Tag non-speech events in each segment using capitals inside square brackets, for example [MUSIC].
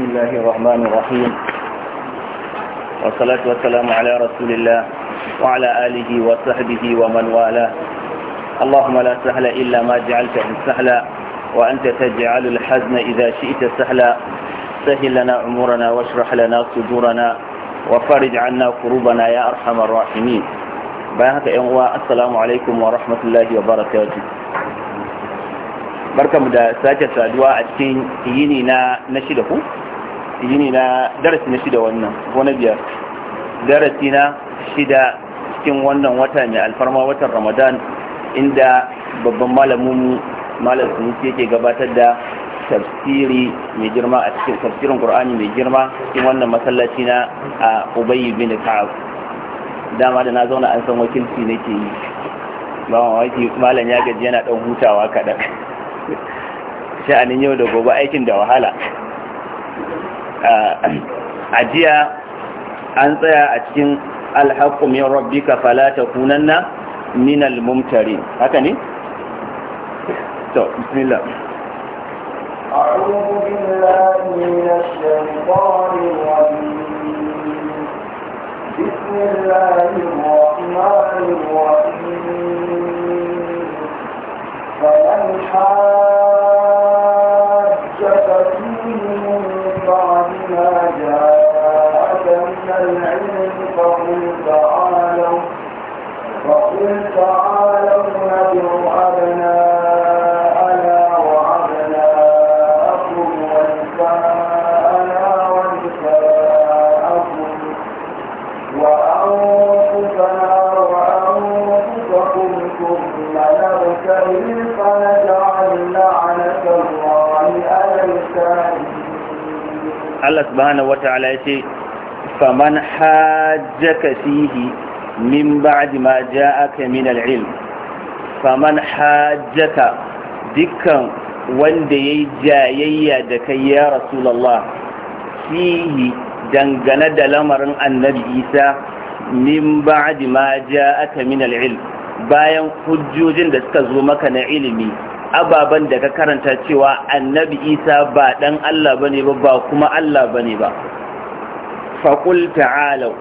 بسم الله الرحمن الرحيم والصلاة والسلام على رسول الله وعلى آله وصحبه ومن والاه اللهم لا سهل إلا ما جعلته سهلا وأنت تجعل الحزن إذا شئت سهلا سهل لنا أمورنا واشرح لنا صدورنا وفرج عنا كروبنا يا أرحم الراحمين بيانك إنواء السلام عليكم ورحمة الله وبركاته barkamu da sake saduwa a cikin yini na na shida ku yini na darasi na shida wannan ko biyar darasi na shida cikin wannan wata mai alfarma watan ramadan inda babban malamin malam su yake gabatar da tafsiri mai girma a cikin tafsirin qur'ani mai girma cikin wannan masallaci na a ubayy bin ka'ab dama da na zauna an san wakilci nake yi ba mamaki malam ya gaji yana dan hutawa kaɗan [LAUGHS] sha'anin yau da gobe aikin da wahala ajiya an tsaya a cikin alhaqqu min rabbika fala takunanna min almumtarin haka ne to bismillah أعوذ بالله من الشيطان الرجيم بسم الله الرحمن الرحيم فمن حاول Allah subhanahu wata'ala ya ce faman hajjaka fihi min ba'di ma ja'aka min al-ilm faman hajjaka dukkan wanda yayi jayayya da kai ya rasulullah fihi dangane da lamarin annabi Isa min ba'di ma ja'aka min al-ilm bayan hujjojin da suka zo maka na ilimi ababen da ka karanta cewa annabi isa ba dan Allah ba ba ba kuma Allah ba ne ba Faƙul ta'alau.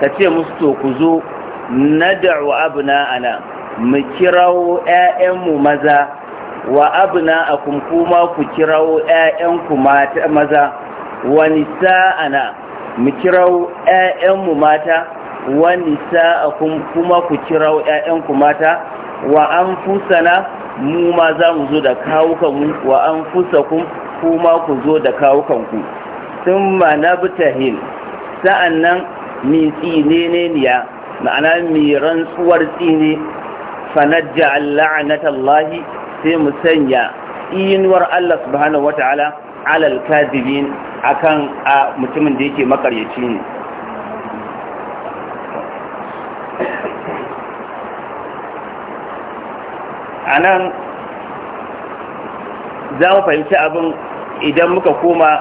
ka ce musu to ku zo Na nad'u ana mu kirawo mu maza wa a kuma ku kirawo ƴaƴanku mata maza wa ana mu kirawo mu mata wa a kuma ku kirawo ƴaƴanku mata wa anfusana mu ma za mu zo da kawukanmu wa an fusa kuma ku zo da kawukanku sun ma na butahil sa'an nan mi tsine ne niya ma'ana mi rantsuwar tsine fanajja la'anatallahi sai mu sanya inuwar Allah subhanahu wata'ala alal kadibin akan a mutumin da yake makaryaci ne a nan za mu fahimci abin idan muka koma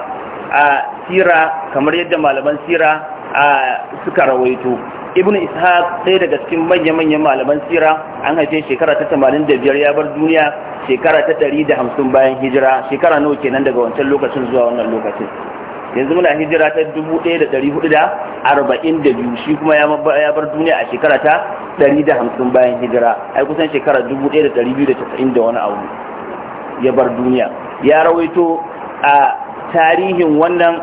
a sira kamar yadda malaman sira a suka rawaito ibn ishaq ɗaya daga cikin manya-manyan malaman sira an haife shekara ta 85 ya bar duniya shekara ta 150 bayan hijira shekara nawa kenan daga wancan lokacin zuwa wannan lokacin yanzu muna hijira ta 1442 shi kuma ya bar duniya a shekara ta 150 bayan hijira ai kusan shekara 1290 da wani abu ya bar duniya ya rawaito a tarihin wannan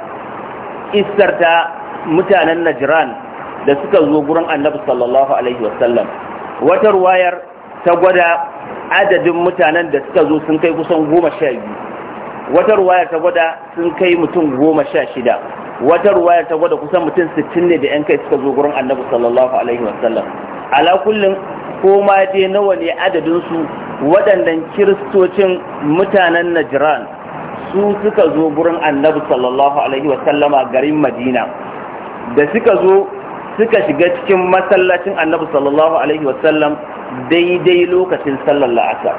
isar ta mutanen najran da suka zo gurin annabi sallallahu alaihi wasallam wata ruwayar ta gwada adadin mutanen da suka zo sun kai kusan goma sha biyu wata ruwaya ta gwada sun kai mutum goma sha shida wata ruwaya ta gwada kusan mutum sittin ne da yan kai suka zo gurin annabi sallallahu alaihi wasallam ala kullum ko ma dai nawa ne adadin su waɗannan kiristocin mutanen najran su suka zo gurin annabi sallallahu alaihi a garin madina da suka zo suka shiga cikin masallacin annabi sallallahu alaihi wasallam daidai lokacin sallar la'asar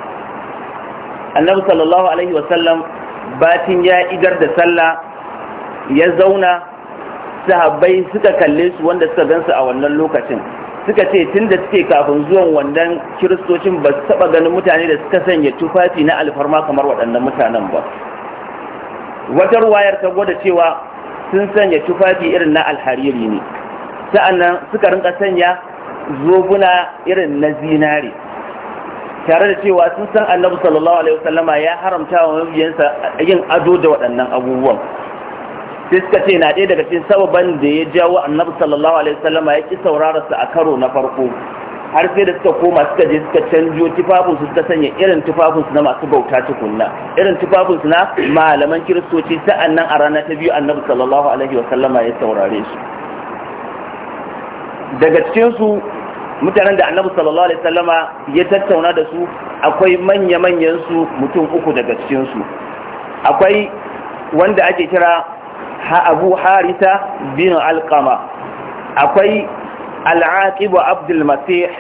annabi sallallahu alaihi wasallam batin ya idar da sallah ya zauna sahabbai suka kalle su wanda suka gansu a wannan lokacin suka ce tun da suke kafin zuwan wannan kiristocin ba su taɓa ganin mutane da suka sanya tufafi na alfarma kamar waɗannan mutanen ba wata ruwayar ta gwada cewa sun sanya tufafi irin na alhariri ne sa'annan suka rinka sanya zobuna irin na zinari. tare da cewa sun san annabi sallallahu alaihi wasallama ya haramta wa mabiyansa yin ado da waɗannan abubuwan sai suka ce na ɗaya daga cikin sababan da ya jawo annabi sallallahu alaihi wasallama ya ki saurara su a karo na farko har sai da suka koma suka je suka canjo tufafinsu suka sanya irin tufafinsu na masu bauta tukunna irin tufafinsu na malaman kiristoci sa'annan a rana ta biyu annabi sallallahu alaihi wasallama ya saurare su daga cikin su mutanen da annabi sallallahu alaihi wasallama ya tattauna da su akwai manya-manyan su mutum uku daga cikinsu su akwai wanda ake kira abu harita bin alqama akwai al'aqib abdul masih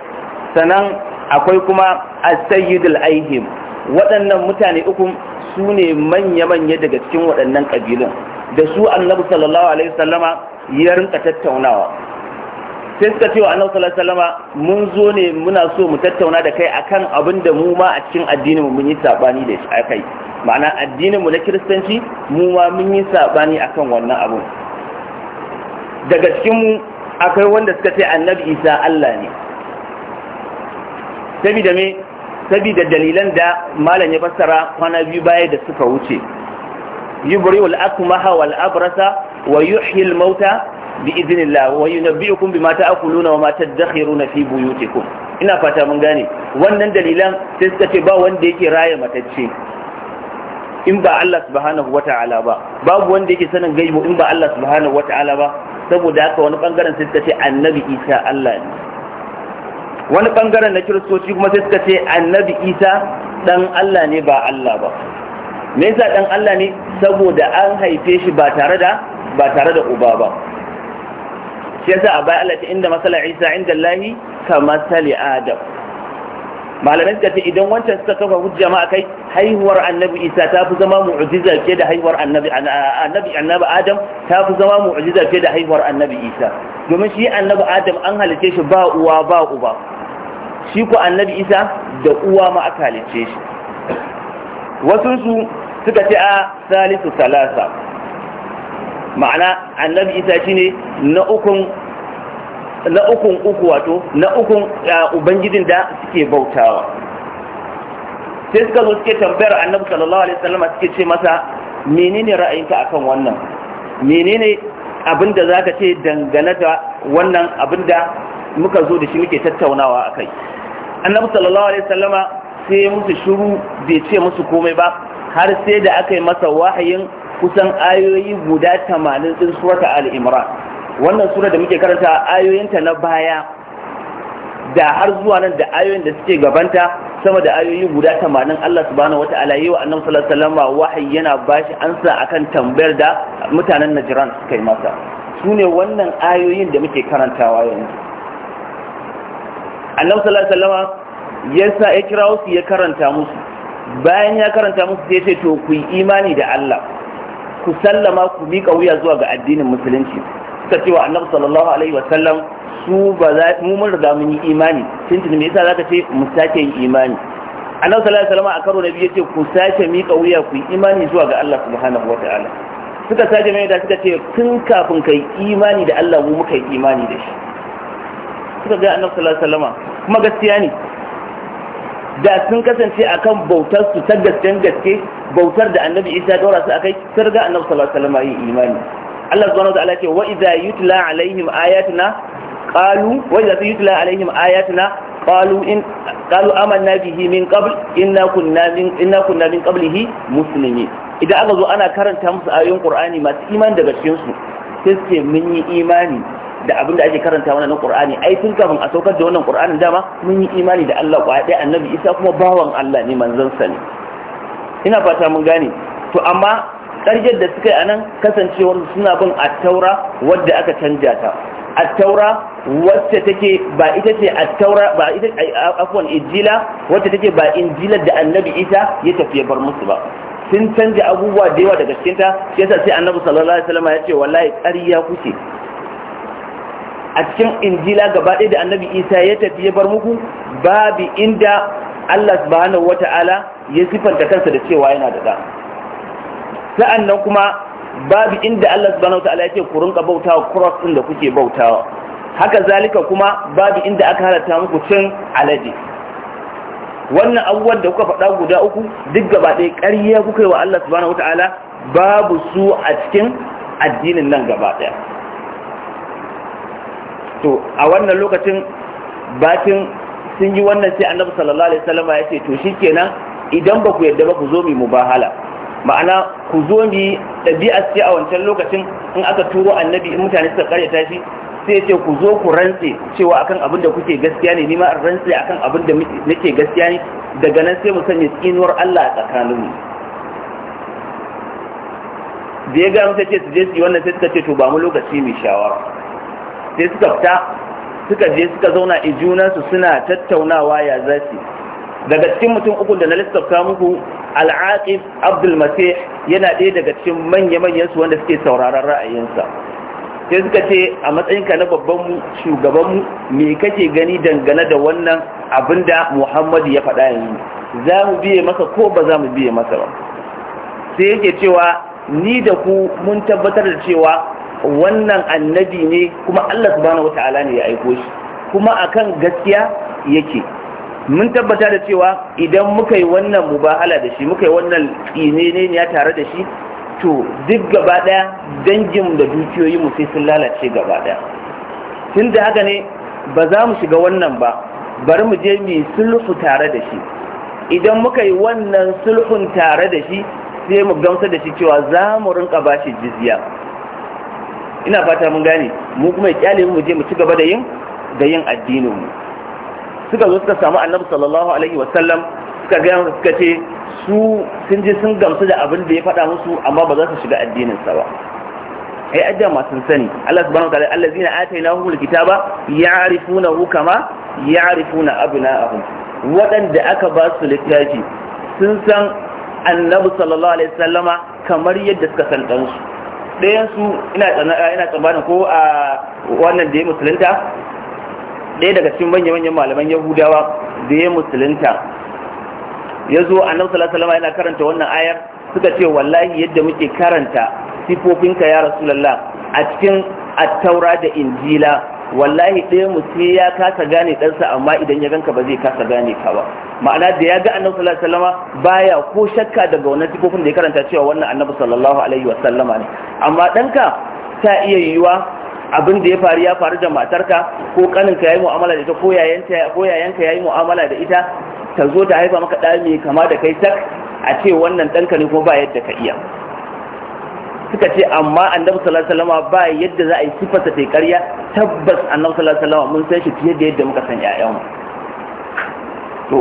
sanan akwai kuma as-sayyid al-aihim waɗannan mutane uku su ne manya-manya daga cikin waɗannan ƙabilun da su annabi sallallahu alaihi wasallama ya rinka tattaunawa sai suka ce wa annabi sallallahu alaihi wasallama mun zo ne muna so mu tattauna da kai akan abin da mu ma a cikin addinin mu mun yi sabani da shi akai ma'ana addinin mu na kiristanci mu ma mun yi sabani akan wannan abu daga cikin mu akwai wanda suka ce annabi Isa Allah ne saboda me saboda dalilan da malam ya fassara kwana biyu baya da suka wuce yubri'ul akmaha wal abrasa wa yuhyil mauta bi idinillah wa yunabbi'ukum bima ta'kuluna wa ma tadakhiruna fi buyutikum ina fata mun gane wannan dalilan sai suka ce ba wanda yake raye matacce in ba Allah subhanahu wata'ala ba babu wanda yake sanin gaibu in ba Allah subhanahu wata'ala ba saboda haka wani bangaren sai suka ce annabi Isa Allah ne wani bangaren na kiristoci kuma sai suka ce annabi Isa dan Allah ne ba Allah ba me yasa dan Allah ne saboda an haife shi ba tare da ba tare da uba ba shi yasa a bayan Allah ce inda masala Isa inda Allahi ka masali Adam malamai suka ce idan wancan suka kafa hujja ma kai haihuwar annabi Isa ta fi zama mu'ujiza ke da haihuwar annabi annabi Adam ta fi zama mu'jiza ke da haihuwar annabi Isa domin shi annabi Adam an halice shi ba uwa ba uba shi ko annabi Isa da uwa ma aka halice shi wasu su suka ce a salisu salasa ma'ana annabi isa shi ne na ukun uku wato na ukun uh, ubangijin da suke bautawa sai suka zo suke tambayar annabi sallallahu alaihi wasallam suke ce masa menene ra'ayinka akan wannan menene abin da zaka ce dangane da wannan abin da muka zo da shi muke tattaunawa akai annabi sallallahu alaihi wasallama sai musu shiru bai ce musu komai ba har sai da aka yi masa wahayin kusan ayoyi guda tamanin din surata al-imran wannan sura da muke karanta ayoyinta na baya da har zuwa nan da ayoyin da suke gabanta sama da ayoyi guda tamanin Allah subhanahu wata'ala yi wa annabi sallallahu alaihi wasallam wahayi yana bashi ansa akan tambayar da mutanen Najran suka yi masa sune wannan ayoyin da muke karantawa yanzu annabi sallallahu alaihi wasallam sa ya kirawo su ya karanta musu bayan ya karanta musu sai ya ce to ku yi imani da Allah ku sallama ku miƙa wuya zuwa ga addinin musulunci suka cewa annabi sallallahu alaihi wa sallam su ba za mu mun riga mun yi imani tun tun me yasa zaka ce mu sake yin imani annabi sallallahu alaihi wa sallam a karo na biyu yace ku sake miƙa wuya ku yi imani zuwa ga Allah subhanahu wataala suka sake mai da suka ce tun kafin kai imani da Allah mu muka yi imani da shi suka ga annabi sallallahu alaihi wa sallama kuma gaskiya ne da sun kasance akan bautar su ta gaske gaske bautar da annabi isa ya dora su kai sun riga annabi sallallahu alaihi wasallam imani Allah subhanahu wa ta'ala ce wa idza yutla alaihim ayatuna qalu wa idza yutla alaihim ayatuna qalu in qalu amanna bihi min qabl inna kunna min inna kunna min qablihi muslimin idan aka zo ana karanta musu ayoyin qur'ani masu imani daga cikin su sai su ce mun yi imani da abin ake karanta wannan Qur'ani ai tun kafin a saukar da wannan Qur'anin dama mun yi imani da Allah kwa dai annabi Isa kuma bawan Allah ne manzon sa ne ina fata mun gane to amma karyar da suka yi anan nan kasancewar suna bin taura wadda aka canja ta taura wacce take ba ita ce taura ba ita afwan injila wacce take ba injilar da annabi isa ya tafi bar musu ba sun canja abubuwa da yawa daga cikin ta shi yasa sai annabi sallallahu alaihi wasallam ya ce wallahi ƙarya kuke a cikin injila gaba ɗaya da annabi isa ya tafi ya bar muku babu inda allah subhanahu wata'ala ya sifanta kansa da cewa yana da ɗa sa'annan kuma babu inda allah subhanahu wata'ala ya ce ku rinka bautawa cross ɗin da kuke bautawa haka zalika kuma babu inda aka halatta muku cin alade wannan abubuwan da kuka faɗa guda uku duk gaba ɗaya ƙarya kuka yi wa allah subhanahu wata'ala babu su a cikin addinin nan gaba ɗaya to a wannan lokacin batin sun yi wannan sai annabi sallallahu alaihi wasallam ya ce to shikenan idan ba ku yarda ba ku zo mu bahala ma'ana ku zo mu dabi'a ce a wancan lokacin in aka turo annabi in mutane suka ta shi sai ce ku zo ku rantse cewa akan abin da kuke gaskiya ne nima in rantse akan abin da nake gaskiya ne daga nan sai mu sanya tsinuwar Allah a tsakaninmu da ya ga mutum ce su je su yi wannan sai suka ce to ba mu lokaci mai shawara sai suka fita suka je suka zauna a junansu suna tattaunawa ya zasu daga cikin mutum uku da na lissafta muku al'aqib abdul masih yana ɗaya daga cikin manya-manyan su wanda suke sauraron ra'ayinsa sai suka ce a matsayinka na babban shugaban mu me kake gani dangane da wannan abin da muhammadu ya faɗa yanzu za mu biye masa ko ba za mu biye masa ba sai yake cewa ni da ku mun tabbatar da cewa wannan annabi ne kuma Allah subhanahu wata'ala ne ya aiko shi kuma akan gaskiya yake mun tabbata da cewa idan muka yi wannan mubahala da shi muka yi wannan tsine ne ya tare da shi to duk gaba daya dangin da dukiyoyi mu sai sun lalace gaba daya tun da haka ne ba za mu shiga wannan ba bari mu je mu sulhu tare da shi idan muka yi wannan sulhun tare da shi sai mu gamsa da shi cewa za mu rinka bashi jizya ina fata mun gane mu kuma ya kyale mu je mu ci gaba da yin da yin addinin mu suka zo suka samu annabi sallallahu alaihi wasallam suka ga suka ce su sun je sun gamsu da abin da ya faɗa musu amma ba za su shiga addinin sa ba ai ajja ma sun sani Allah subhanahu wataala allazina atainahumul alkitaba ya'rifunahu kama ya'rifuna abna'ahum waɗanda aka ba su littafi sun san annabi sallallahu alaihi wasallama kamar yadda suka san ɗansu ɗayan su ina tsammanin ko a wannan da ya musulunta ɗaya daga cikin manya-manyan malaman yahudawa da ya musulunta ya zo a nan salama yana karanta wannan ayar suka ce wallahi yadda muke karanta sifofinka ya rasulallah a cikin attaura da injila wallahi ɗaya mu sai ya kasa gane ɗansa amma idan ya ganka ba zai kasa gane ka ba ma'ana da ya ga annabi sallallahu alaihi wasallama baya ko shakka daga wannan tikofin da ya karanta cewa wannan annabi sallallahu alaihi wasallama ne amma ɗanka ta iya yiwuwa abin da ya faru ya faru da matarka ko kaninka yayi mu'amala da ita ko yayanta ko yayanka yayi mu'amala da ita ta zo ta haifa maka ɗa mai kama da kai tak a ce wannan ɗanka ne kuma ba yadda ka iya suka ce amma annabi sallallahu alaihi wasallam ba yadda za a yi sifarsa ta ƙarya tabbas annabi sallallahu alaihi wasallam mun san shi fiye da yadda muka san ƴaƴanmu to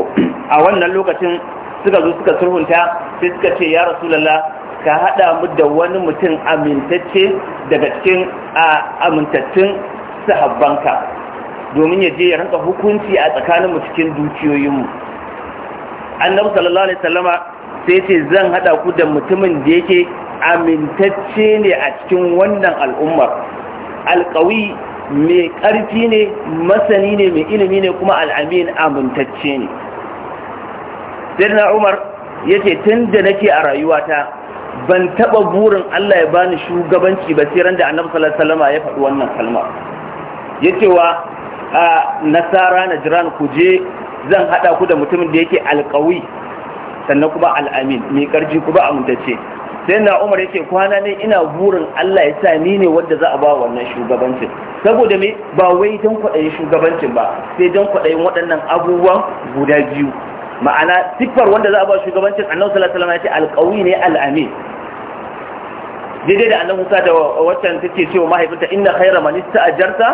a wannan lokacin suka zo suka surhunta sai suka ce ya rasulullah ka hada mu da wani mutum amintacce daga cikin amintattun sahabbanka domin ya je ya rinka hukunci a tsakaninmu cikin dukiyoyinmu annabi sallallahu alaihi wasallama sai ce zan hada ku da mutumin da yake amintacce ne a cikin wannan al'ummar alkawi mai ƙarfi ne masani ne mai ilimi ne kuma al'amin amintacce ne sirna umar ya ce tun da nake a rayuwata ban taɓa burin allah ya bani shugabanci ba sai ran da annabi sallallahu ya faɗi wannan kalma ya cewa a nasara na jiran ku je zan haɗa ku da mutumin da yake alkawi sannan kuma al'amin mai karji kuma amintacce sai na umar yake kwana ne ina burin Allah ya sa ni ne wanda za a ba wannan shugabancin saboda me ba wai don kwaɗayin shugabancin ba sai don kwaɗayin waɗannan abubuwan guda biyu ma'ana siffar wanda za a ba shugabancin annabi sallallahu alaihi wasallam ya ce alqawi ne al'amin daidai da annabi Musa da waccan take cewa mahaifinta inna khayra man ista'jarta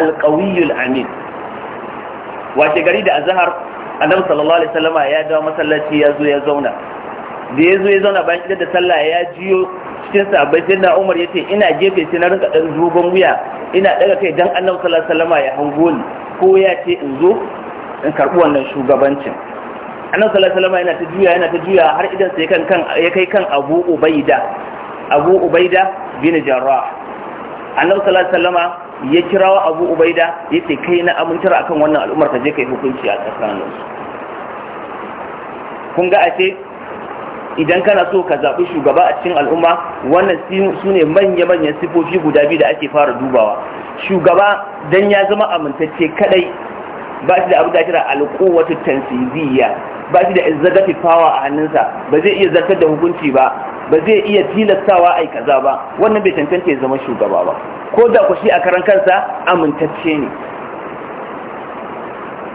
alqawiyul amin wace gari da azhar annabi sallallahu alaihi wasallama ya dawo masallaci ya zo ya zauna da ya zo ya zauna bayan idan da sallah ya jiyo cikin bai sai na Umar yace ina gefe sai na rinka dan zuwa wuya ina daga kai dan annabi sallallahu alaihi wasallama ya hango ni ko ya ce in zo in karbi wannan shugabancin annabi sallallahu alaihi wasallama yana ta juya yana ta juya har idan sai kan kan ya kai kan Abu Ubaida Abu Ubaida bin Jarrah annabi sallallahu alaihi wasallama ya kirawa abu ubaida ya ce kai na amintar a kan wannan al'ummar ka je ka yi hukunci a tsakaninsu kun ga a ce idan kana so ka zaɓi shugaba a cikin al'umma wannan su ne manya-manyan sifofi guda biyu da ake fara dubawa shugaba don ya zama amintacce kadai ba shi da abu da kira alƙuwatu tansiziyya ba shi da izzati power a hannunsa ba zai iya zartar da hukunci ba ba zai iya tilastawa ai kaza ba wannan bai tantance ya zama shugaba ba ko da ku shi a karan kansa amintacce ne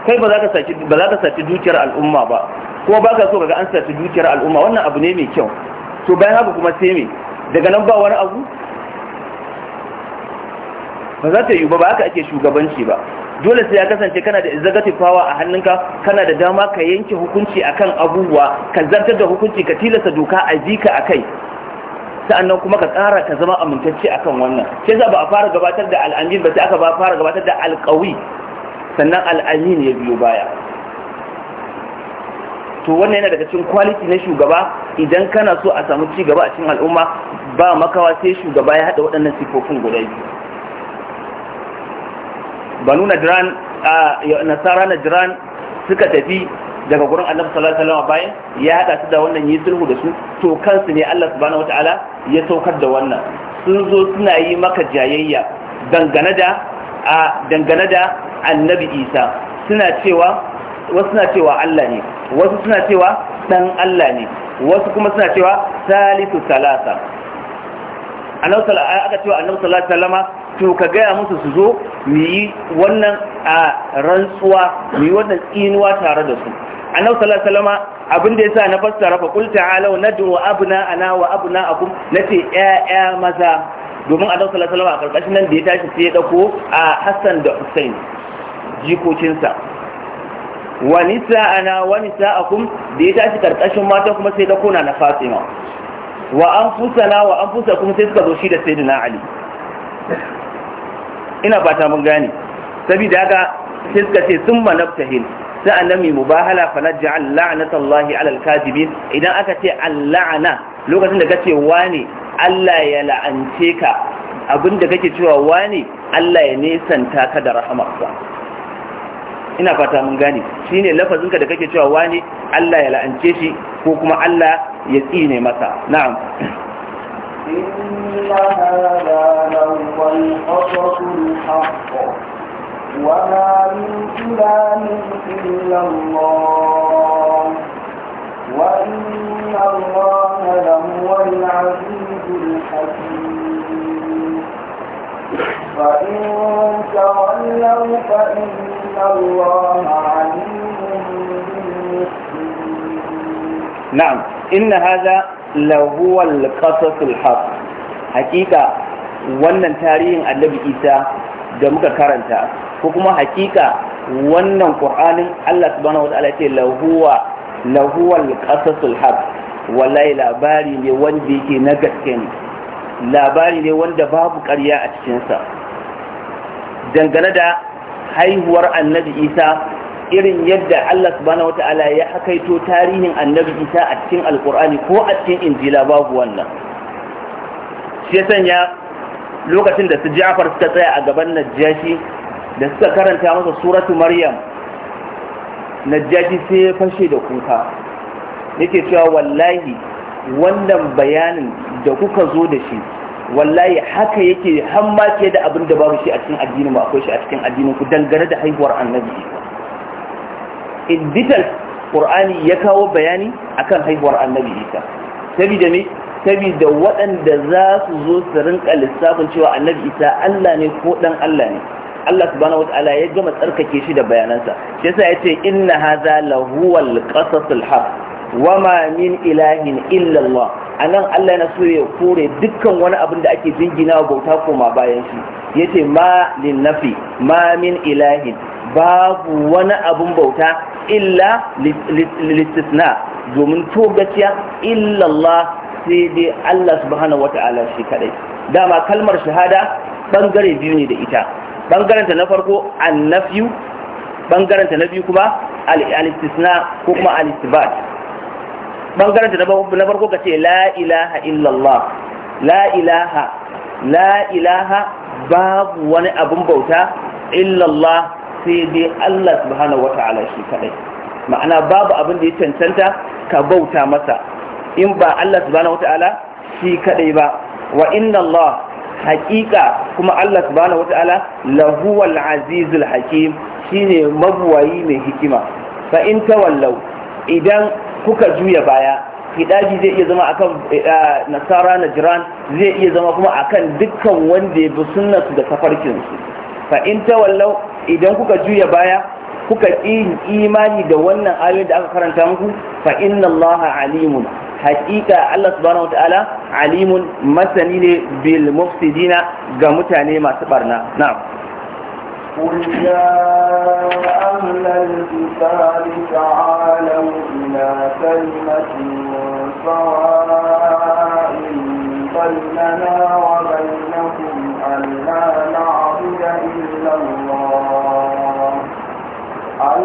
kai ba za ka saki ba za ka saki dukiyar al'umma ba kuma ba ka so kaga an saki dukiyar al'umma wannan abu ne mai kyau to bayan haka kuma sai me daga nan ba wani abu ba za ta yi ba ba haka ake shugabanci ba dole sai ya kasance kana da executive power a hannunka kana da dama ka yanke hukunci akan abubuwa ka zartar da hukunci ka tilasta doka a ji ka akai sa'annan kuma ka tsara ka zama amintacce akan wannan sai za ba a fara gabatar da al'amin ba sai aka ba fara gabatar da alƙawi sannan al'amin ya biyo baya to wannan yana daga cikin quality na shugaba idan kana so a samu ci gaba a cikin al'umma ba makawa sai shugaba ya haɗa waɗannan sifofin guda biyu banu najran nasara najran suka tafi daga gurin annabi sallallahu alaihi wasallam bayan ya hada su da wannan yi sulhu da su to kansu ne Allah subhanahu wataala ya saukar da wannan sun zo suna yi maka jayayya dangane da a dangane da annabi Isa suna cewa wasu suna cewa Allah ne wasu suna cewa dan Allah ne wasu kuma suna cewa salisu salasa annabi sallallahu alaihi wasallam to ka gaya musu su zo mu yi wannan a rantsuwa mu yi wannan tsinuwa tare da su annabi sallallahu alaihi wasallam abin da yasa na fassara fa qul ta'alu nad'u ana wa na nace ya'ya maza domin annabi sallallahu alaihi wasallam a karkashin nan da ya tashi sai ya dako a Hassan da Hussein jikokinsa wa nisa'ana wa nisa'akum da ya tashi karkashin mata kuma sai dako na na Fatima wa anfusana wa anfusakum sai suka zo shi da sayyidina Ali ina fata mun gane saboda haka sai suka ce sun manaftahil sai annabi mubahala fa naj'al 'ala 'alal kadibin idan aka ce al-la'na lokacin da kace wani Allah ya la'ance ka abinda kake cewa wani Allah ya nesanta ka da rahamarsa ina fata mun gane shine lafazin ka da kake cewa wani Allah ya la'ance shi ko kuma Allah ya tsine masa na'am إن هذا لهو القصص الحق وما من إله إلا الله وإن الله لهو العزيز الحكيم فإن تولوا فإن الله عليم بالمسلمين نعم إن هذا lahuwal qasasul haq hakika wannan tarihin annabi isa da muka karanta ko kuma hakika wannan qur'anin Allah subhanahu wataala ya ce lahuwa lahuwal qasasul haq wallahi labari ne wanda yake na gaske ne labari ne wanda babu karya a cikinsa dangane da haihuwar annabi isa irin yadda Allah subhanahu wata'ala ya hakaito tarihin annabi Isa a cikin alkur'ani ko a cikin injila babu wannan shi ya sanya lokacin da su Ja'far suka tsaya a gaban Najashi da suka karanta masa suratu Maryam Najashi sai ya fashe da kuka yake cewa wallahi wannan bayanin da kuka zo da shi wallahi haka yake hamma ke da abin da babu shi a cikin addinin ba akwai shi a cikin addinin ku dangane da haihuwar annabi Isa in ƙur'ani qur'ani ya kawo bayani akan haihuwar annabi isa saboda saboda waɗanda za su zo su rinka lissafin cewa annabi isa Allah ne ko dan Allah ne Allah subhanahu wataala ya gama tsarkake shi da bayanansa shi yasa yace inna hadha lahuwal qasasul haq wama min ilahin illa Allah anan Allah yana so ya kore dukkan wani abin da ake jingina bauta koma bayan shi yace ma lin nafi ma min ilahin babu wani abun bauta illa listisna domin to gaciya illallah sai dai Allah subhanahu wata'ala shi kadai dama kalmar shahada bangare biyu ne da ita bangaren ta na farko annafyu bangaren ta na biyu kuma al-istisna ko kuma al-istibat bangaren ta na farko kace la ilaha illallah la ilaha la ilaha babu wani abun bauta illallah sai dai Allah subhanahu wata'ala shi kadai ma'ana babu abin da ya cancanta ka bauta masa in ba Allah subhanahu wata'ala shi kadai ba wa inna Allah haƙiƙa kuma Allah subhanahu wata'ala lahuwal azizul hakim shine mabuwayi mai hikima fa in tawallau idan kuka juya baya hidaji zai iya zama akan eh, nasara na jiran zai iya zama kuma akan dukkan wanda ya bi sunnatu da tafarkinsu fa in tawallau idan kuka juya baya kuka yin imani da wannan ayoyin da aka karanta muku fa inna allaha alimun haƙiƙa Allah subhanahu wataala alimun masani ne bil mufsidina ga mutane masu barna na'am قل يا أهل الكتاب تعالوا إلى كلمة سواء بيننا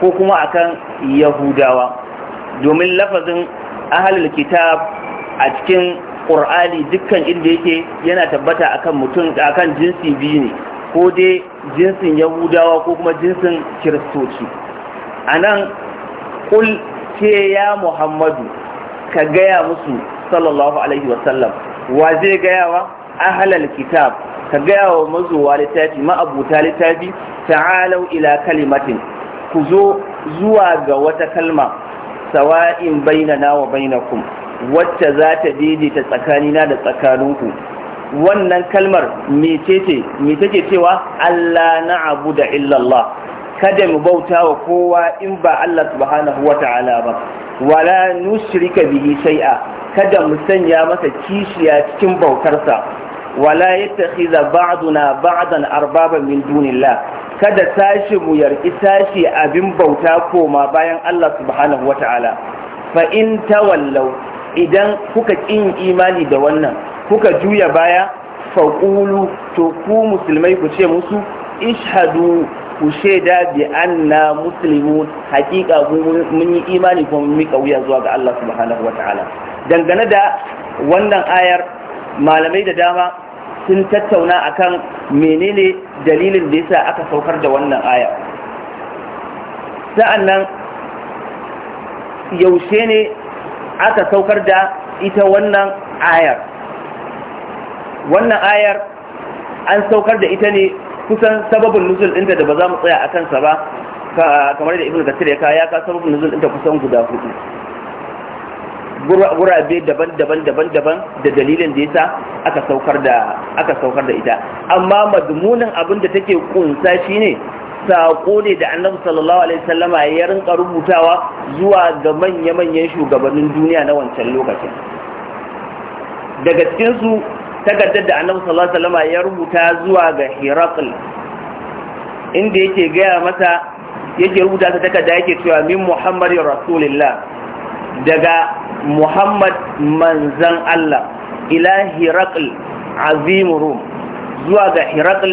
ko kuma akan yahudawa domin lafazin ahalul kitab a cikin ƙur'ani dukkan inda yake yana tabbata akan mutum akan jinsi biyu ne ko dai jinsin yahudawa ko kuma jinsin kiristoci a nan kul ce ya muhammadu ka gaya musu sallallahu alaihi wasallam wa zai gayawa ahalal kitab ka gaya wa mazuwa littafi ma'abuta littafi ta'alau ila kalimatin ku zo zuwa ga wata kalma sawa'in baina bainana wa bainakum wacce za ta daidaita tsakanina da tsakaninku wannan kalmar mecece mecece cewa Allah na abu da illallah kada mu bauta wa kowa in ba Allah subhanahu wa ta'ala ba wala nushrika bihi shay'a kada mu sanya masa kishiya cikin bautarsa wala yattakhiza ba'duna ba'dan arbaban min dunillah kada tashi mu yarki tashi abin bauta koma bayan Allah subhanahu wata'ala fa in tawallaw idan kuka kin imani da wannan kuka juya baya faƙulu to ku musulmai ku ce musu ishadu ku shaida bi anna muslimun hakika mun yi imani kuma mun mika wuya zuwa ga Allah subhanahu wataala dangane da wannan ayar malamai da dama sun tattauna akan menene dalilin da yasa aka saukar da wannan aya sa'annan yaushe ne aka saukar da ita wannan ayar wannan ayar an saukar da ita ne kusan sababin nuzul ɗinta da ba za mu tsaya a kansa ba kamar da ibn kasir ya kaya ka sababin nuzul ɗinta kusan guda hudu gurabe daban-daban daban-daban da dalilin da yasa aka saukar da aka saukar da ita amma madmunin abin da take kunsa shine sako ne da annabi sallallahu alaihi wasallama ya rinka rubutawa zuwa ga manya-manyan shugabannin duniya na wancan lokacin daga cikin su takardar da annabi sallallahu alaihi wasallama ya rubuta zuwa ga Hiraql inda yake gaya masa yake rubuta ta takarda yake cewa min Muhammadin Rasulillah daga muhammad manzan allah ila hirakl azim rum zuwa ga hirakl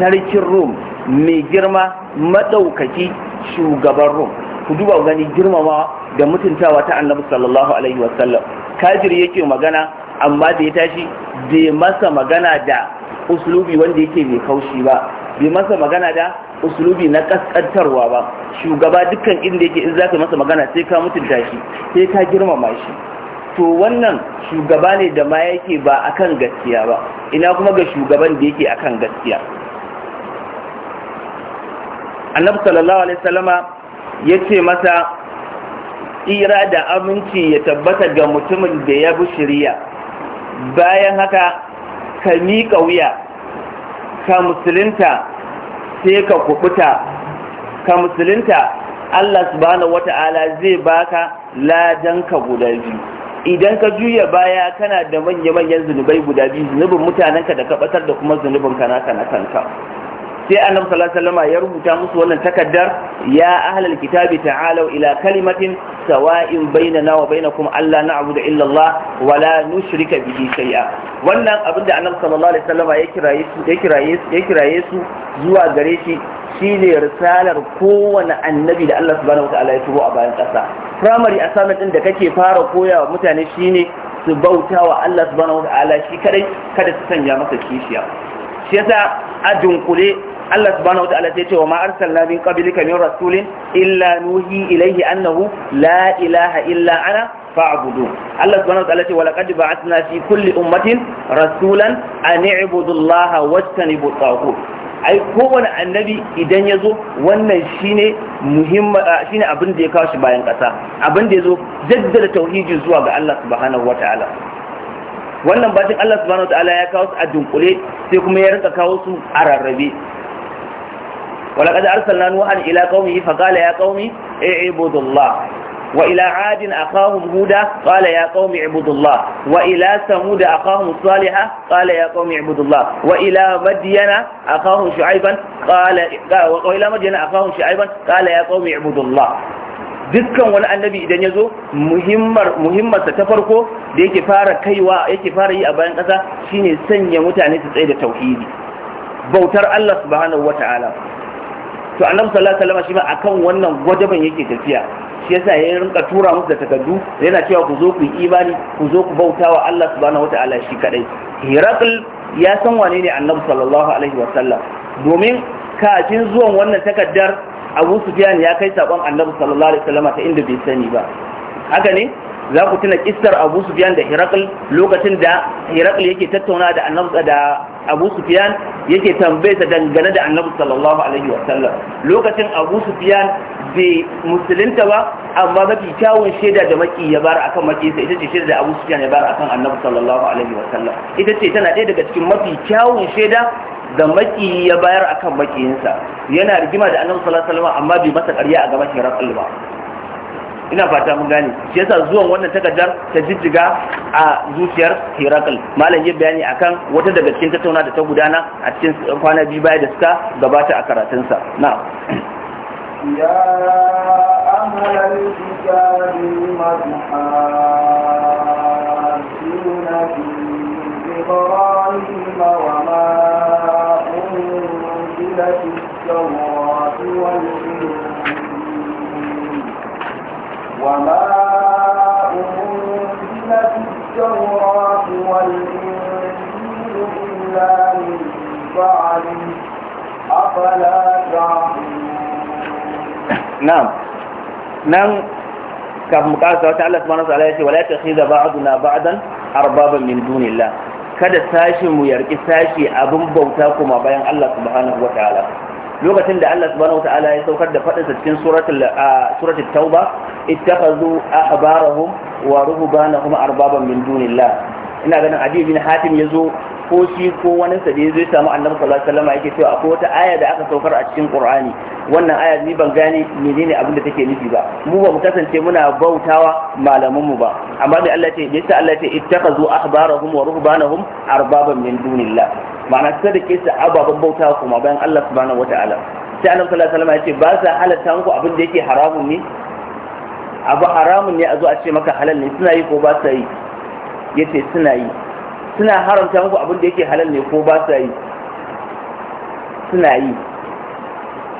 sarkin rum mai girma madaukaki shugaban rum ku duba gani girmama da mutuntawa ta annabi sallallahu alaihi wasallam kajir yake magana amma da ya tashi bai masa magana da uslubi wanda yake mai kaushi ba bai masa magana da usulubi na kaskantarwa ba shugaba dukkan inda yake in zaka masa magana sai ka mutunta shi sai ka girmama shi to wannan shugaba ne da ma yake ba akan gaskiya ba ina kuma ga shugaban da yake akan gaskiya annabi sallallahu alaihi wasallama yace masa tsira da aminci ya tabbata ga mutumin da ya bi shari'a bayan haka ka miƙa wuya ka musulunta sai ka kubuta ka musulunta Allah subhanahu wata'ala zai baka ladan ka guda biyu idan ka juya baya kana da manya-manyan zunubai guda biyu zunubin mutanenka da ka batar da kuma zunubin kana kana kanka sai annabi sallallahu alaihi wasallam ya rubuta musu wannan takaddar ya ahlal kitabi ta'alu ila kalimatin sawa'in bainana wa bainakum alla na'budu illa Allah wa la nushrika bihi shay'a wannan abinda annabi sallallahu alaihi wasallam ya kiraye su ya kiraye su ya kiraye su zuwa gare shi shine risalar kowane annabi da Allah subhanahu wataala ya turo a bayan kasa primary assignment din da kake fara koyawa mutane shine su bauta wa Allah subhanahu wataala shi kadai kada su sanya masa kishiya shi yasa a dunkule Allah subhanahu wataala sai ce wa ma arsalna min qablika min rasulin illa nuhi ilayhi annahu la ilaha illa ana fa'budu Allah subhanahu wa ta'ala ce wa laqad ba'athna fi kulli ummatin rasulan an i'budu Allaha wajtanibu at-taghut ai kowane annabi idan ya zo wannan shine muhimma shine abin da ya kawo shi bayan kasa abin da ya zo jaddada tauhidi zuwa ga Allah subhanahu wa ta'ala wannan bacin Allah subhanahu wa ta'ala ya kawo su a dunkule sai kuma ya rinka kawo su a rarrabe ولقد أرسلنا نوحا إلى قومه فقال يا قوم اعبدوا الله وإلى عاد أخاهم هودا قال يا قوم اعبدوا الله وإلى ثمود أخاهم صالحا قال يا قوم اعبدوا الله وإلى مدين أخاهم شعيبا قال وإلى مدين أخاهم شعيبا قال يا قوم اعبدوا الله dukkan wani annabi idan ya zo muhimmarsa ta farko da yake fara kaiwa yake fara yi a bayan ƙasa shine sanya mutane su tsaye da tauhidi bautar Allah subhanahu wataala to annabi sallallahu alaihi wasallam shi ma akan wannan gwajaban yake tafiya shi yasa ya rinka tura musu da takardu yana cewa ku zo ku yi imani ku zo ku bauta wa Allah subhanahu wataala shi kadai Hirakl ya san wane ne annabi sallallahu alaihi wasallam domin kafin zuwan wannan takaddar Abu Sufyan ya kai sabon annabi sallallahu alaihi wasallam ta inda bai sani ba haka ne za ku tuna kistar abu sufiyan da hirakul lokacin da hirakul yake tattauna da abu sufiyan yake tambayarsa dangane da annabi sallallahu alaihi wa sallam lokacin abu sufiyan bai musulunta ba amma mafi kyawun shaida da maki ya bar akan makisa ita ce shaida da abu sufiyan ya bar akan annabi sallallahu alaihi wa sallam ita ce tana ɗaya daga cikin mafi kyawun shaida da maki ya bayar akan makiyinsa yana rigima da annabi sallallahu alaihi wa sallam amma bai masa ƙarya a gaban hirakul ba ina fata mun gane shi yasa zuwan wannan takardar ta jijjiga a zuciyar Herakl malam ya bayani akan wata daga cikin tattauna da ta gudana a cikin kwana biyu baya da suka gabata a karatunsa na ya أهل الكتاب لم تحاجون في أفلا نعم nan kafin mu karasa wata Allah subhanahu wataala yace wala takhidha ba'duna ba'dan arbaban min dunillah kada sashin mu yarki sashi abin bauta kuma bayan Allah subhanahu wataala lokacin da Allah subhanahu wataala ya saukar da fadin sa cikin suratul suratul tauba ittakhadhu ahbarahum wa ruhbanahum arbaban min dunillah ina ganin Adi bin Hatim yazo ko shi ko wani sa da zai samu annabi sallallahu alaihi wasallam yake cewa akwai wata aya da aka saukar a cikin qur'ani wannan aya ni ban gane menene abin da take nufi ba mu ba mu kasance muna bautawa malaman mu ba amma da Allah ce yasa Allah ce ittakhazu ahbarahum wa ruhbanahum arbaban min dunillah ma'ana sai ke su ababan bautawa kuma bayan Allah subhanahu wataala sai annabi sallallahu alaihi wasallam ya ce ba sa halatta muku abin da yake haramun ne abu haramun ne a zo a ce maka halal ne suna yi ko ba sa yi yace suna yi suna haramta muku abin da yake halal ne ko ba sa yi suna yi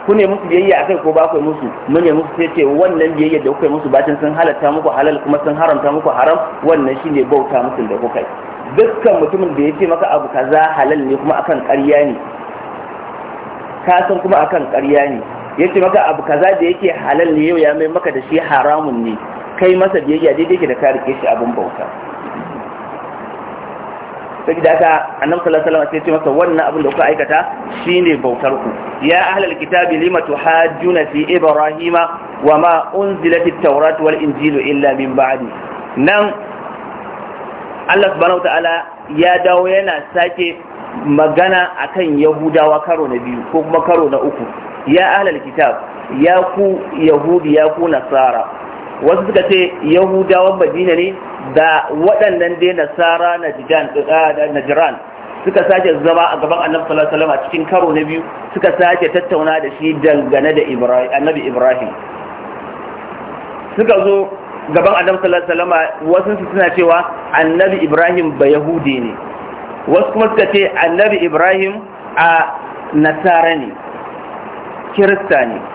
ku ne musu biyayya akai ko ba ku musu mun ne musu sai ce wannan biyayya da kuka musu bacin sun halatta muku halal kuma sun haramta muku haram wannan shine bauta musu da kuka yi dukkan mutumin da ya ce maka abu kaza halal ne kuma akan ƙarya ne ka san kuma akan ƙarya ne ya ce maka abu kaza da yake halal ne yau ya mai maka da shi haramun ne kai masa biyayya daidai ke da ka rike shi abin bauta sai da aka annabi sallallahu alaihi wasallam ya ce masa wannan abin da kuka aikata shine bautar ku ya ahlal kitabi Limatu, tuhajjuna fi ibrahima wa ma unzilat at-taurat wal injilu illa min ba'di nan Allah subhanahu ya dawo yana sake magana akan yahudawa karo na biyu ko kuma karo na uku ya ahlal kitab ya ku yahudi ya ku nasara wasu suka ce yahudawan madina ne da waɗannan dai nasara eh, na jiran suka sake zama a gaban annabi sallallahu alaihi a cikin karo na biyu suka sake tattauna da shi dangane da ibrahim annabi ibrahim suka zo gaban annabi sallallahu alaihi wasallam su suna cewa annabi ibrahim ba yahudi ne wasu kuma suka ce annabi ibrahim a nasara ne kirista ne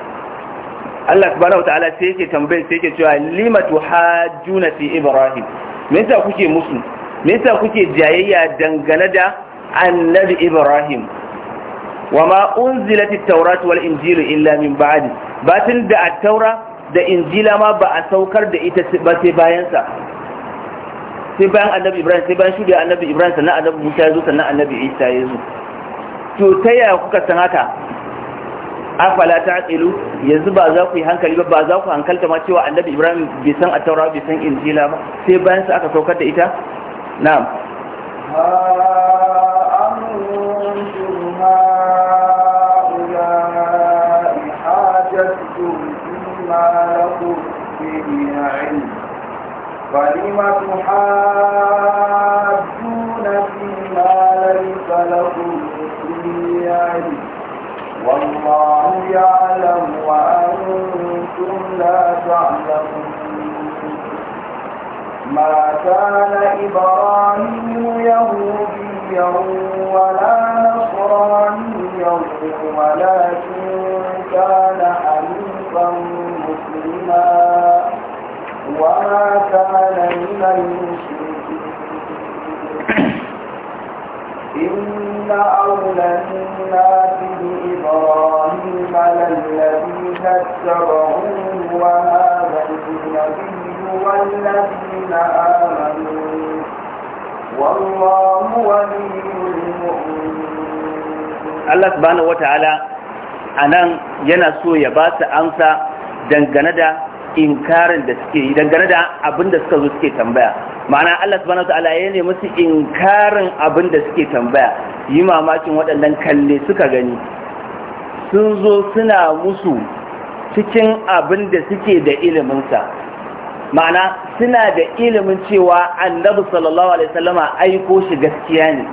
Allah subhanahu wataala sai yake tambayar sai yake cewa lima tuhajjuna fi ibrahim me yasa kuke musu me yasa kuke jayayya dangane da annabi ibrahim wama unzilat at-taurat wal injilu illa min ba'di batin da at-taura da injila ma ba a saukar da ita ba sai bayan sa sai bayan annabi ibrahim sai bayan shugaba annabi ibrahim sannan annabi musa ya zo sannan annabi isa ya zo to ta yaya kuka san haka afala taqilu yanzu ba za ku yi hankali ba ba za ku hankalta ma cewa annabi ibrahim bai san at bai san injila ba sai bayan sa aka saukar da ita na'am فلم تحاجون فيما ليس لكم به علم والله يعلم وأنتم لا تعلمون ما كان إبراهيم يهوديا ولا نصرانيا ولكن كان حنيفا مسلما وما كان من المشركين إن أولى الناس بإبراهيم للذين اتبعوه وهذا النبي والذين آمنوا والله ولي المؤمنين a anan yana so ya ba su amsa dangane da inkarin da suke yi dangane da abin da suka zo suke tambaya ma'ana Allah subhanahu wataala ya ne musu inkarin abin da suke tambaya yi mamakin waɗannan kalle suka gani sun zo suna musu cikin abin da suke da iliminsa ma'ana suna da ilimin cewa annabi sallallahu alaihi wasallama aiko shi gaskiya ne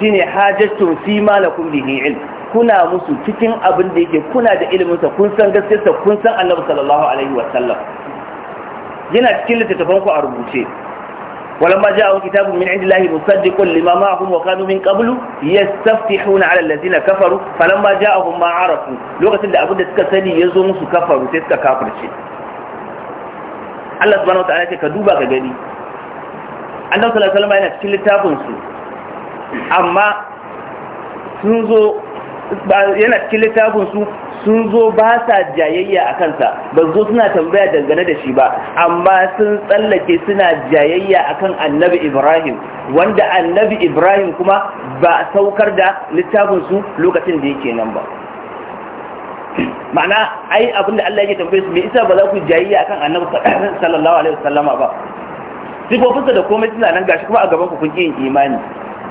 shine hajjatu fi malakum bihi ilm kuna musu cikin abin da yake kuna da iliminsa kun san gaskiyarsa kun san annabi sallallahu alaihi wasallam yana cikin littattafan ku a rubuce walamma ja'ahum kitabun min indillahi musaddiqun lima ma'ahum wa kanu min qablu yastaftihuna 'ala allazina kafaru falamma ja'ahum ma 'arafu lokacin da abin da suka sani yazo musu kafaru sai suka kafirce Allah subhanahu wata'ala ce ka duba ka gani annabi sallallahu alaihi wasallam yana cikin littafin su amma sun zo yana cikin littafin su sun zo ba sa jayayya a kansa ba zo suna tambaya dangane da shi ba amma sun tsallake suna jayayya akan annabi ibrahim wanda annabi ibrahim kuma ba saukar da littafin su lokacin da yake nan ba ma'ana ai abinda Allah yake tambaye su me isa ba za ku jayayya akan annabi [COUGHS] sallallahu alaihi wasallama ba sifofinsa da komai suna nan gashi kuma a gaban ku kun yin imani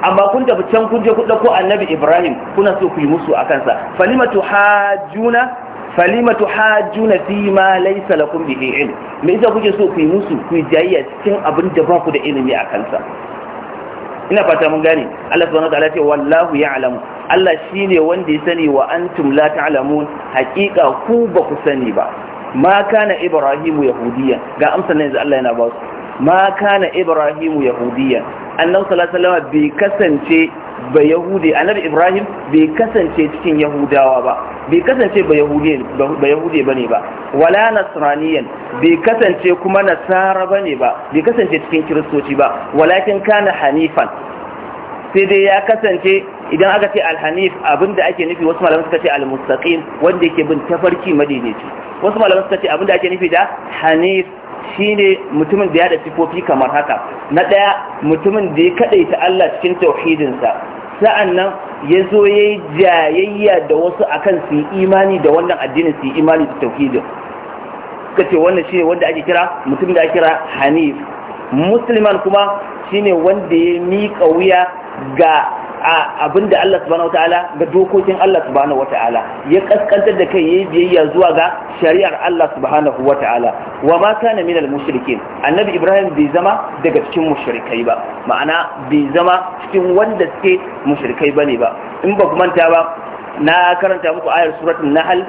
amma kun tafi can kun je ku dauko annabi ibrahim kuna so ku yi musu akan sa falimatu hajuna falimatu hajuna fi ma laysa lakum bihi ilm me yasa kuke so ku yi musu ku jayya cikin abin da ba ku da ilimi akan sa ina fata mun gane Allah subhanahu ta'ala ce wallahu ya'lamu Allah shine wanda ya sani wa antum la ta'lamun hakika ku ba ku sani ba ma kana ibrahimu yahudiyan ga amsar nan yanzu Allah yana ba su ma kana ibrahimu yahudiyan annabi sallallahu alaihi wasallam bai kasance ba yahudi annabi ibrahim bai kasance cikin yahudawa ba bai kasance ba yahudi ba yahudi bane ba wala nasraniyan bai kasance kuma nasara bane ba bai kasance cikin kiristoci ba walakin kana hanifan sai dai ya kasance idan aka ce alhanif abinda ake nufi wasu malamai suka ce almustaqim wanda yake bin tafarki madaidaici wasu malamai suka ce abinda ake nufi da hanif shine mutumin da ya da sifofi kamar haka na ɗaya mutumin da ya kadaita Allah cikin tauhidinsa sa'annan ya zo ya yi jayayya da wasu akan su yi imani da wannan addinin su yi imani da tauhidin suka ce wannan shine wanda ake kira mutum da ake kira hanif musliman kuma shine wanda ya miƙa wuya ga a abinda Allah subhanahu wataala ga dokokin Allah subhanahu wataala ya kaskantar da kai yayi biyayya zuwa ga shari'ar Allah subhanahu wataala wa ma kana minal mushrikin annabi Ibrahim bai zama daga cikin mushrikai ba ma'ana bai zama cikin wanda suke mushrikai bane ba in ba ku manta ba na karanta muku ayar suratul nahl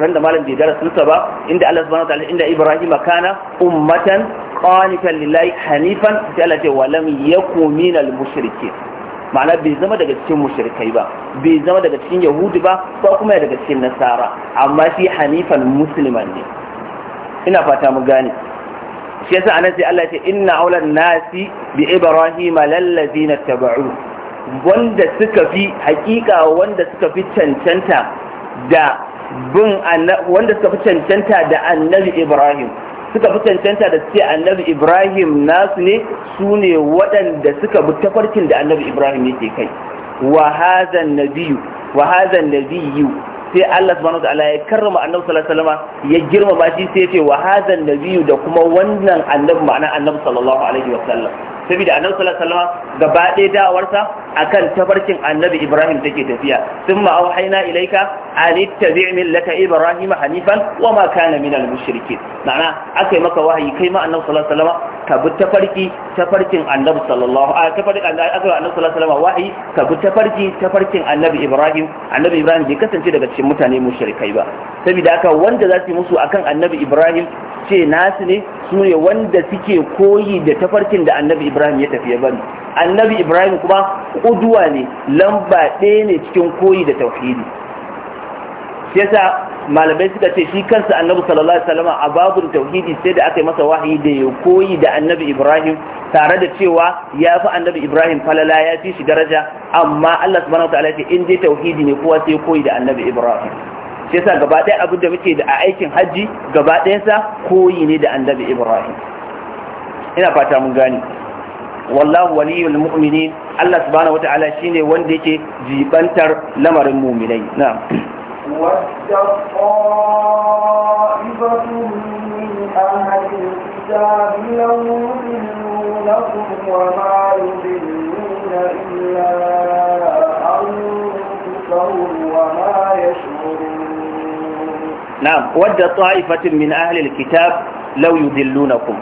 ran da malam bai darasinsa ba inda Allah subhanahu wataala inda Ibrahim kana ummatan qanitan lillahi hanifan sai Allah ce wa lam yakun minal mushrikin ma'ana bai zama daga cikin mushrikai ba bai zama daga cikin yahudi ba ko kuma daga cikin nasara amma shi hanifan musliman ne ina fata mu gane shi yasa anan sai Allah ya ce inna aula nasi bi ibrahima lallazina taba'u wanda suka fi hakika wanda suka fi cancanta da bin wanda suka fi cancanta da annabi ibrahim suka fi cancanta da ce annabi ibrahim nasu ne su ne waɗanda suka bi tafarkin da annabi ibrahim yake kai wa hazan nabiyu wa hazan nabiyu sai Allah subhanahu wataala ya karrama annabi sallallahu alaihi wasallam ya girmama shi sai ya ce wa hazan nabiyu da kuma wannan annabi ma'ana annabi sallallahu alaihi wasallam saboda annabi sallallahu alaihi wasallam gaba ɗaya da'awarsa akan tabarkin annabi Ibrahim take tafiya thumma auhayna ilayka an ittabi' millata Ibrahim hanifan wa ma kana minal mushrikeen ma'ana akai maka wahayi kai ma annabi sallallahu alaihi wasallam ka bi tafarki tafarkin annabi sallallahu alaihi tafarkin annabi sallallahu alaihi wasallam wahayi ka bi tafarki tafarkin annabi Ibrahim annabi Ibrahim bai kasance daga cikin mutane mushrikai ba saboda haka wanda za su yi musu akan annabi Ibrahim ce nasu ne su ne wanda suke koyi da tafarkin da annabi ibrahim ya tafi ya bari annabi ibrahim kuma ƙuduwa ne lamba ɗaya ne cikin koyi da tauhidi shi yasa malamai suka ce shi kansa annabi sallallahu alaihi wasallam a babun tauhidi sai da aka masa wahayi da ya koyi da annabi ibrahim tare da cewa ya fi annabi ibrahim falala ya fi shi daraja amma allah subhanahu wataala ce in dai tauhidi ne kowa sai koyi da annabi ibrahim sai sa gaba ɗaya abin da muke da a aikin hajji gaba ɗayansa koyi ne da annabi ibrahim ina fata mun gane wallahu waliyul mu'minin Allah subhanahu shine wanda yake jibantar lamarin mu'minai na'am وما يضلون إلا أنفسهم وما يشعرون نعم ود طائفة من أهل الكتاب لو يذلونكم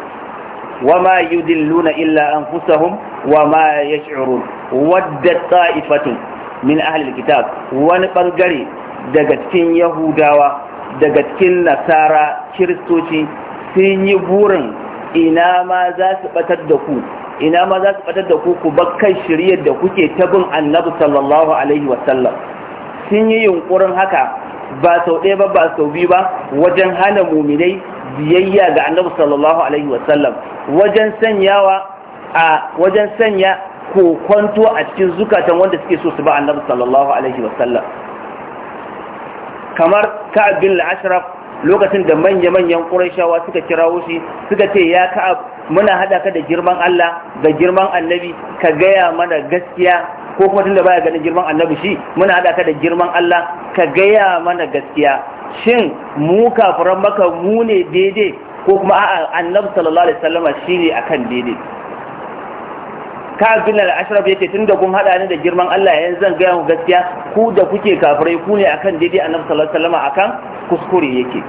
وما يدلون إلا أنفسهم وما يشعرون ودت طائفة من أهل الكتاب ونبنغري دقتكين يهوداوة دقتكين نصارى كريستوشي sun yi burin ina ma za su batar da ku ina ma za su batar da ku ku bakkan shiryar da kuke ta bin annabi sallallahu alaihi wasallam sun yi haka ba sau ɗaya ba ba sau biyu ba wajen hana muminai biyayya ga annabi sallallahu alaihi wasallam wajen sanyawa a wajen sanya kokwanto a cikin zukatan wanda suke so su ba annabi sallallahu alaihi wasallam kamar ka'ab bin al-ashraf lokacin da manya-manyan qurayshawa suka kira shi suka ce ya ka'ab muna hada ka da girman Allah da girman annabi ka gaya mana gaskiya ko kuma tunda baya ganin girman annabi shi muna hada ka da girman Allah ka gaya mana gaskiya shin mu kafiran maka mu ne daidai ko kuma a'a annabi sallallahu alaihi wasallama shine akan daidai ka bin al-ashraf yake tunda kun hada ni da girman Allah yanzu zan ga muku gaskiya ku da kuke kafirai ku ne akan daidai annabi sallallahu alaihi wasallama akan kuskure yake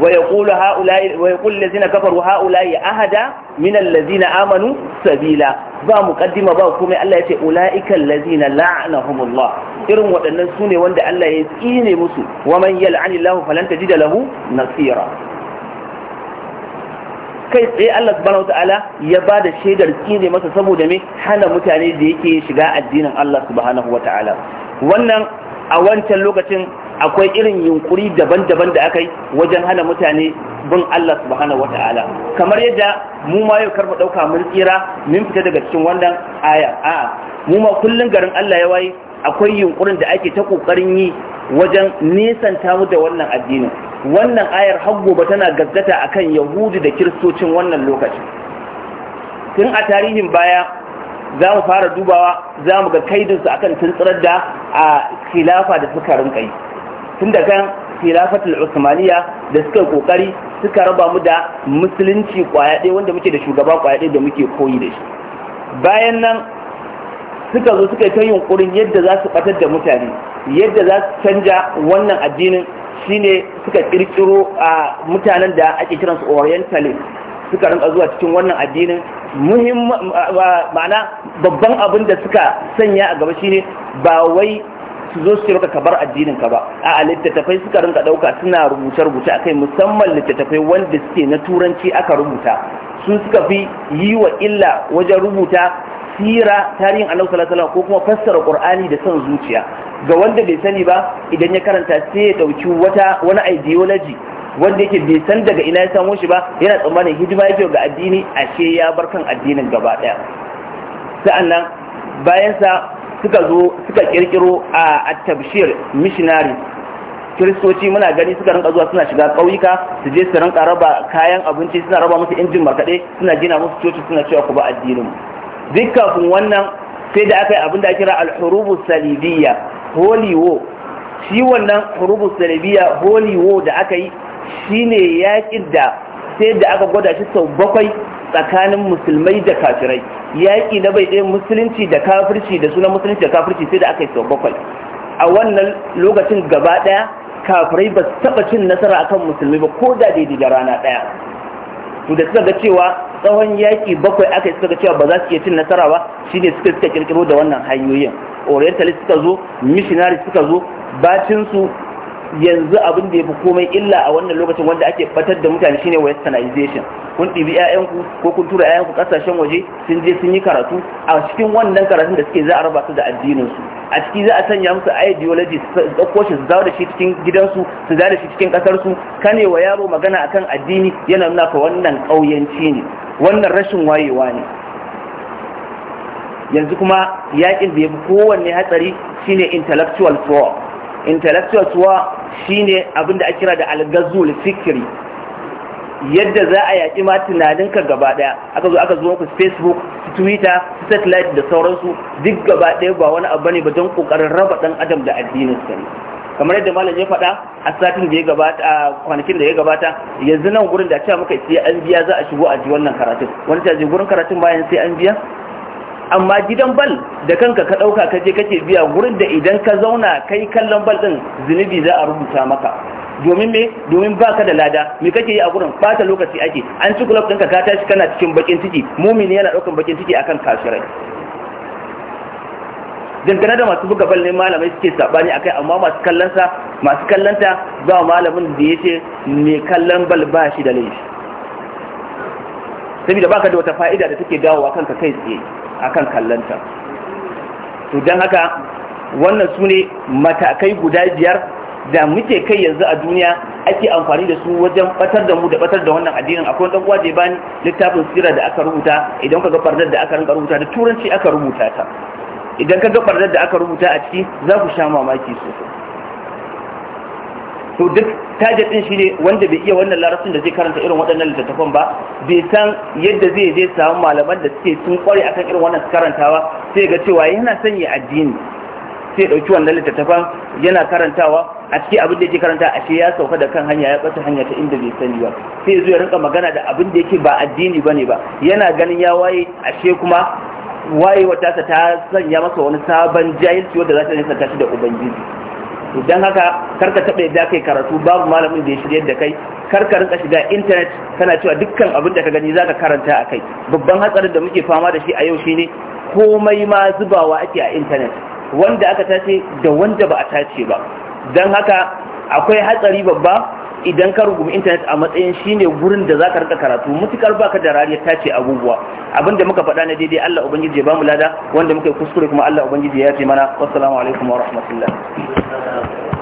ويقول هؤلاء ويقول الذين كفروا هؤلاء أهدا من الذين آمنوا سبيلا ba muqaddima ba kuma Allah ya ce ulaika allazina la'anahumullah irin waɗannan sune wanda Allah ya tsine musu wa man yal'anillahu falan tajida lahu nasira kai sai Allah subhanahu ya ba da shaidar tsine masa saboda me hana mutane da yake shiga addinin Allah subhanahu wannan a wancan lokacin akwai irin yunkuri daban-daban da aka yi wajen hana mutane bin Allah subhanahu wata'ala kamar yadda mu ma yau karba dauka mun tsira mun fita daga cikin wannan aya a mu ma kullun garin Allah ya waye akwai yunkurin da ake ta kokarin yi wajen nesanta mu da wannan addinin wannan ayar har gobe tana gaggata akan yahudu da kiristocin wannan lokaci tun a tarihin baya za mu fara dubawa za mu ga kaidinsu akan tuntsirar da a khilafa da suka rinka yi tun da kan khilafatul usmaniya da suka kokari suka raba mu da musulunci kwaya ɗaya wanda muke da shugaba kwaya ɗaya da muke koyi da shi bayan nan suka zo suka yi ta yunkurin yadda za su batar da mutane yadda za su canja wannan addinin shine suka ƙirƙiro a mutanen da ake kiransu orientalist suka rinka zuwa cikin wannan addinin ma'ana babban abin da suka sanya a gaba shine ba wai su zo su ce maka kabar addinin ka ba a littattafai suka rinka dauka suna rubuce rubuce akai musamman littattafai wanda suke na turanci aka rubuta su suka fi yi wa illa wajen rubuta sira tarihin annabi sallallahu alaihi ko kuma fassara qur'ani da son zuciya ga wanda bai sani ba idan ya karanta sai ya dauki wata wani ideology wanda yake bai san daga ina ya samu shi ba yana tsammanin hidima yake ga addini ashe ya bar kan addinin gaba daya sa'annan bayansa sa suka zo suka kirkiro a at-tabshir missionary kiristoci muna gani suka rinka zuwa suna shiga ƙauyuka su je su rinka raba kayan abinci suna raba musu injin markaɗe suna gina musu coci suna cewa ku ba addinin duk kafin wannan sai da aka yi abin da kira al-hurubu salibiyya holy war shi wannan hurubu salibiyya holy da aka yi shine yaƙin da sai da aka gwada shi sau bakwai tsakanin musulmai da kafirai yaƙi na bai ɗaya musulunci da kafirci da sunan musulunci da kafirci sai da aka yi sau bakwai a wannan lokacin gaba ɗaya kafirai ba taɓa cin nasara akan musulmai ba ko da daidai da rana ɗaya to da suka ga cewa tsawon yaƙi bakwai aka yi suka ga cewa ba za su iya cin nasara ba shine suka suka kirkiro da wannan hanyoyin orientalist suka zo missionary suka zo bacinsu yanzu abin da ya fi komai illa a wannan lokacin wanda ake batar da mutane shine westernization kun ɗibi 'ya'yanku ko kun tura 'ya'yanku kasashen waje sun je sun yi karatu a cikin wannan karatun da suke za a raba su da addininsu a ciki za a sanya musu ideology su ɗauko shi su zaura da shi cikin gidansu su zaura da shi cikin ƙasarsu kane wa yaro magana akan addini yana nuna ka wannan ƙauyanci ne wannan rashin wayewa ne yanzu kuma yakin da ya fi kowanne hatsari shine intellectual fraud intellectuals wa shine abinda a kira da algazul fikri yadda za a yaƙi ma tunaninka gaba ɗaya aka zo aka zo ku facebook twitter satellite da sauransu duk gaba ɗaya ba wani abu ne ba don ƙoƙarin raba ɗan adam da addinin sa kamar yadda malam ya faɗa a satin da ya gabata a kwanakin da ya gabata yanzu nan gurin da cewa muka sai an biya za a shigo a ji wannan karatun wani ta ji gurin karatun bayan sai an biya amma gidan bal da kanka ka ɗauka ka kaje kake biya gurin da idan ka zauna kai kallon bal ɗin zunubi za a rubuta maka domin me domin baka da lada me kake yi a gurin bata lokaci ake an ci club ɗinka ka tashi kana cikin bakin ciki mumini yana ɗaukan bakin ciki akan kashirai dangane da masu buga bal ne malamai suke sabani akai amma masu kallansa masu kallonta ba malamin da ya ce me kallon bal ba shi da laifi saboda baka da wata fa'ida da take dawowa kanka kai tsaye akan kallanta to don haka wannan su ne matakai guda biyar da muke kai yanzu a duniya ake amfani da su wajen batar da mu da batar da wannan addinin akwai dan uwa bani littafin sira da aka rubuta idan ka da aka rinka rubuta da turanci aka rubuta ta idan ka ga fardar da aka rubuta a ciki za ku sha mamaki sosai to duk target din shine wanda bai iya wannan larabcin da zai karanta irin waɗannan littattafan ba bai san yadda zai je samu malaman da suke sun kware akan irin wannan karantawa sai ga cewa yana sanya addini sai dauki wannan littattafan yana karantawa a ciki abin da yake karanta a ya sauka da kan hanya ya bata hanya ta inda bai sani ba sai ya zo ya rinka magana da abin da yake ba addini bane ba yana ganin ya waye ashe kuma waye wata ta sanya masa wani sabon jahilci wanda za ta nisa tashi da ubangiji idan dan haka karka taɓa yadda kai karatu babu malamin da ya shirya da kai karka rinka shiga intanet kana cewa dukkan abin da ka gani za ka karanta a kai babban hatsarin da muke fama da shi a yau shi ne komai ma zubawa ake a intanet wanda aka tace da wanda ba a tace ba Don haka akwai hatsari babba idan ka rugumi intanet a matsayin shine gurin da zaka rika karatu mutukar baka da rariya tace abubuwa abinda muka faɗa na daidai Allah ubangiji ya bamu lada wanda muka yi kuskure kuma Allah ubangiji ya yafe mana wassalamu alaikum wa rahmatullah